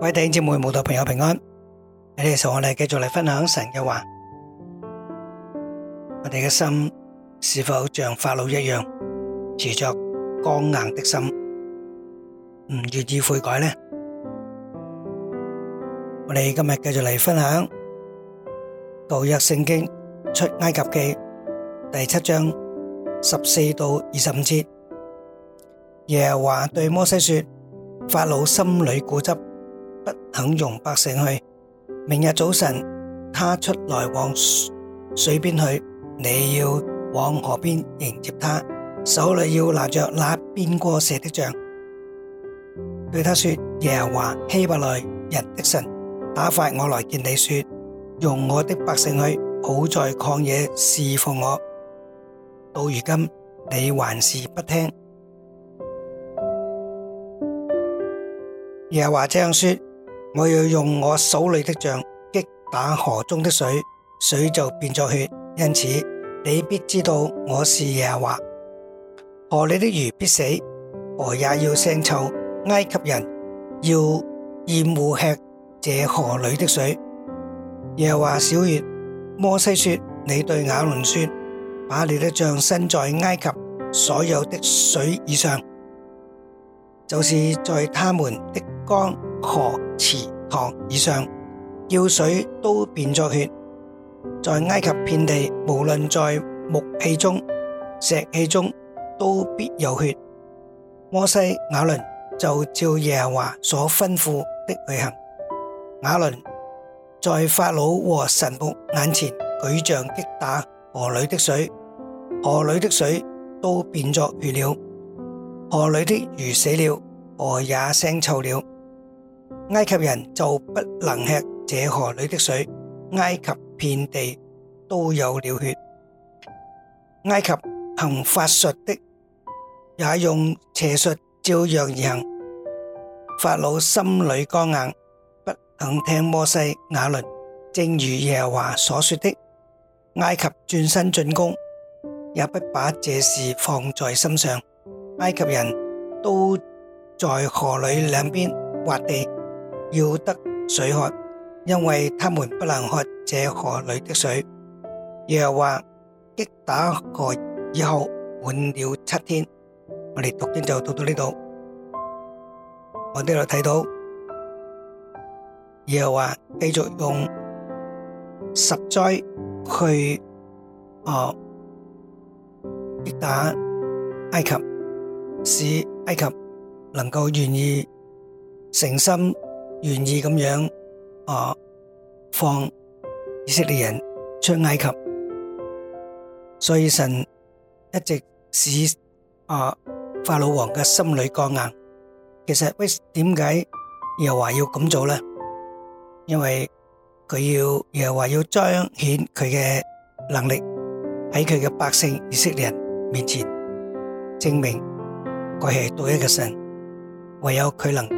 各位弟兄姊妹、慕道朋友平安。喺呢度我哋繼續嚟分享神嘅話，我哋嘅心是否像法老一樣持着剛硬的心，唔願意悔改呢？我哋今日繼續嚟分享舊約聖經出埃及記第七章十四到二十五節，耶和華對摩西說：法老心裏固執。肯容百姓去。明日早晨，他出來往水邊去，你要往河邊迎接他，手裏要拿着那變過蛇的杖。對他說：耶和華希伯來人的神打發我來見你，說容我的百姓去，好在曠野侍奉我。到如今你還是不聽。耶和華這樣說。我要用我手裏的杖擊打河中的水，水就變咗血。因此你必知道我是耶和華。河裏的魚必死，河也要腥臭。埃及人要厭惡吃這河裏的水。耶和華曉諭，摩西說：你對亞倫說，把你的杖伸在埃及所有的水以上，就是在他們的江。河池塘以上，要水都變咗血。在埃及遍地，無論在木器中、石器中，都必有血。摩西、亞倫就照耶和華所吩咐的旅行。亞倫在法老和神僕眼前舉杖擊打河裏的水，河裏的水都變作血了。河裏的魚死了，河也腥臭了。埃及人就不能吃這河裏的水，埃及遍地都有了血。埃及行法術的也用邪術照樣而行，法老心裏剛硬，不肯聽摩西亞倫，正如耶和華所說的。埃及轉身進攻，也不把這事放在心上。埃及人都在河裏兩邊挖地。要得水喝，因為他們不能喝這河裏的水。又話擊打河以後，滿了七天。我哋讀經就讀到呢度，我哋又睇到又話繼續用十災去哦，擊打埃及，使埃及能夠願意誠心，願意咁樣啊，放以色列人出埃及，所以神一直使啊法老王嘅心裏剛硬。其實點解又話要咁做咧？因為佢要又話要彰顯佢嘅能力喺佢嘅百姓以色列人面前，證明佢係獨一嘅神，唯有佢能。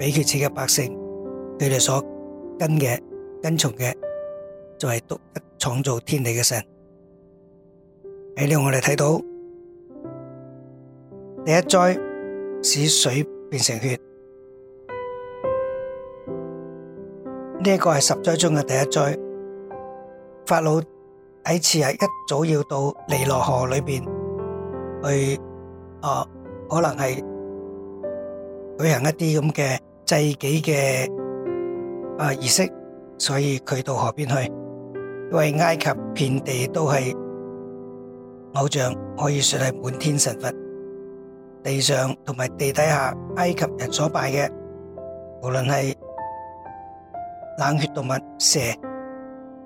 俾佢賜嘅百姓，佢哋所跟嘅、跟從嘅，就係獨一創造天地嘅神。喺呢度，我哋睇到第一災，使水變成血。呢一個係十災中嘅第一災。法老喺次日一早要到尼羅河裏邊去，啊，可能係舉行一啲咁嘅。世紀嘅啊儀式，所以佢到河邊去，因為埃及遍地都係偶像，可以說係滿天神佛，地上同埋地底下埃及人所拜嘅，無論係冷血動物蛇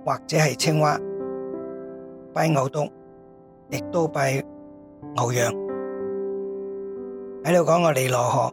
或者係青蛙，拜牛犢，亦都拜牛羊。喺度講我尼羅河。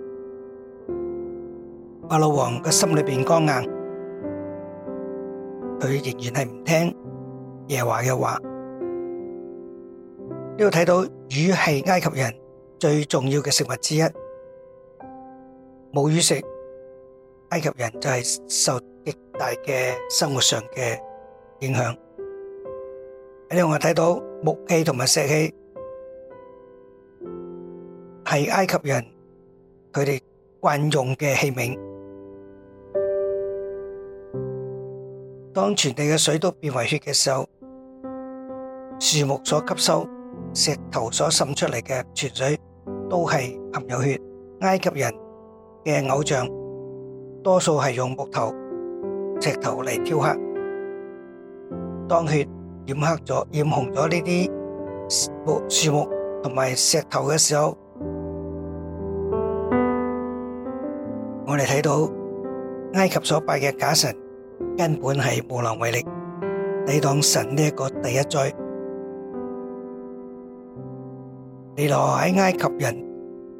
法老王嘅心裏面剛硬，佢仍然係唔聽耶和華嘅話。呢度睇到魚係埃及人最重要嘅食物之一，冇魚食，埃及人就係受極大嘅生活上嘅影響。呢度我睇到木器同埋石器係埃及人佢哋慣用嘅器皿。當全地嘅水都變為血嘅時候，樹木所吸收、石頭所滲出嚟嘅泉水都係含有血。埃及人嘅偶像多數係用木頭、石頭嚟雕刻。當血染黑咗、染紅咗呢啲木樹木同埋石頭嘅時候，我哋睇到埃及所拜嘅假神，根本係無能為力抵擋神呢一個第一災。尼羅喺埃及人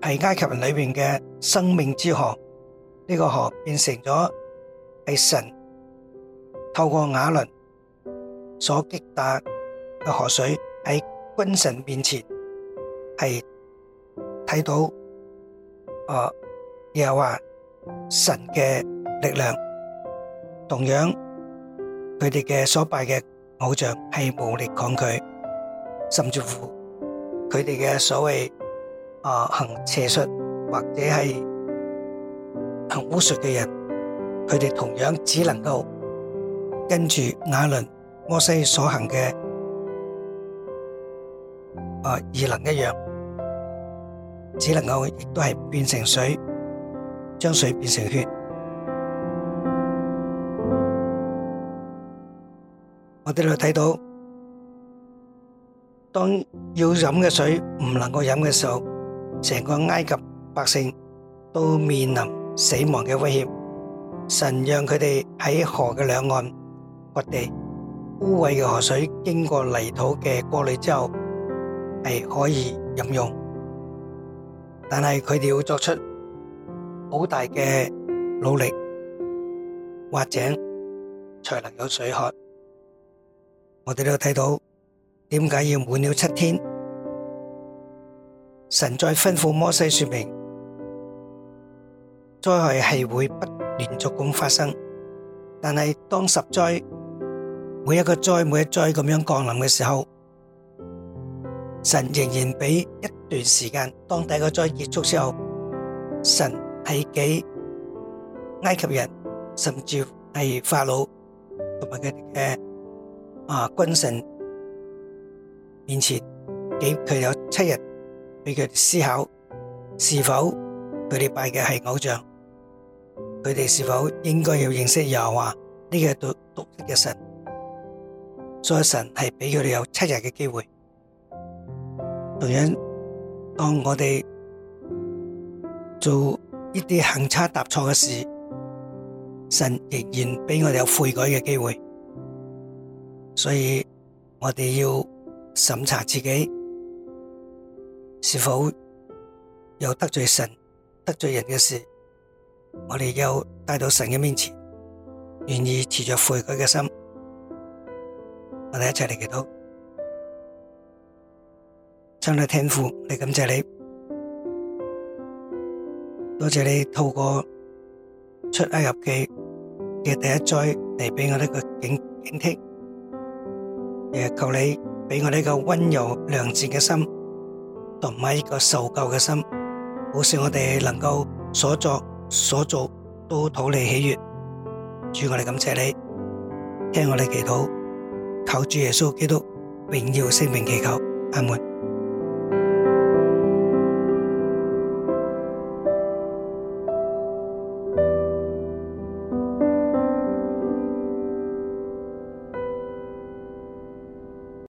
係埃及人裏邊嘅生命之河，呢、這個河變成咗係神透過亞倫所擊打嘅河水喺君神面前係睇到，誒又話神嘅力量。同樣，佢哋嘅所拜嘅偶像係無力抗拒，甚至乎佢哋嘅所謂啊行邪術或者係行巫術嘅人，佢哋同樣只能夠跟住亞倫、摩西所行嘅啊異能一樣，只能夠亦都係變成水，將水變成血。我哋嚟睇到，當要飲嘅水唔能夠飲嘅時候，成個埃及百姓都面臨死亡嘅威脅。神讓佢哋喺河嘅兩岸掘地，污穢嘅河水經過泥土嘅過濾之後係可以飲用，但係佢哋要作出好大嘅努力挖井，才能有水喝。我哋都有睇到點解要滿了七天，神再吩咐摩西說明災害係會不斷咁發生，但係當十災每一個災每一災咁樣降臨嘅時候，神仍然俾一段時間，當第一個災結束之後，神係俾埃及人甚至係法老同埋佢哋。啊！君神面前，俾佢有七日俾佢哋思考，是否佢哋拜嘅係偶像？佢哋是否應該要認識耶和華呢個獨獨立的嘅神？所以神係俾佢哋有七日嘅機會。同樣，當我哋做一啲行差踏錯嘅事，神仍然俾我哋有悔改嘅機會。所以我哋要審查自己是否有得罪神、得罪人嘅事，我哋又帶到神嘅面前，願意持着悔改嘅心，我哋一齊嚟祈禱。真係天父，我哋感謝你，多謝你透過出埃及記嘅第一災嚟畀我一個警警惕。誒，求你俾我呢個溫柔良善嘅心，同埋呢個受救嘅心，好使我哋能夠所作所做都討你喜悅。主，我哋感謝你，聽我哋祈禱，求主耶穌基督永耀生命祈求，阿門。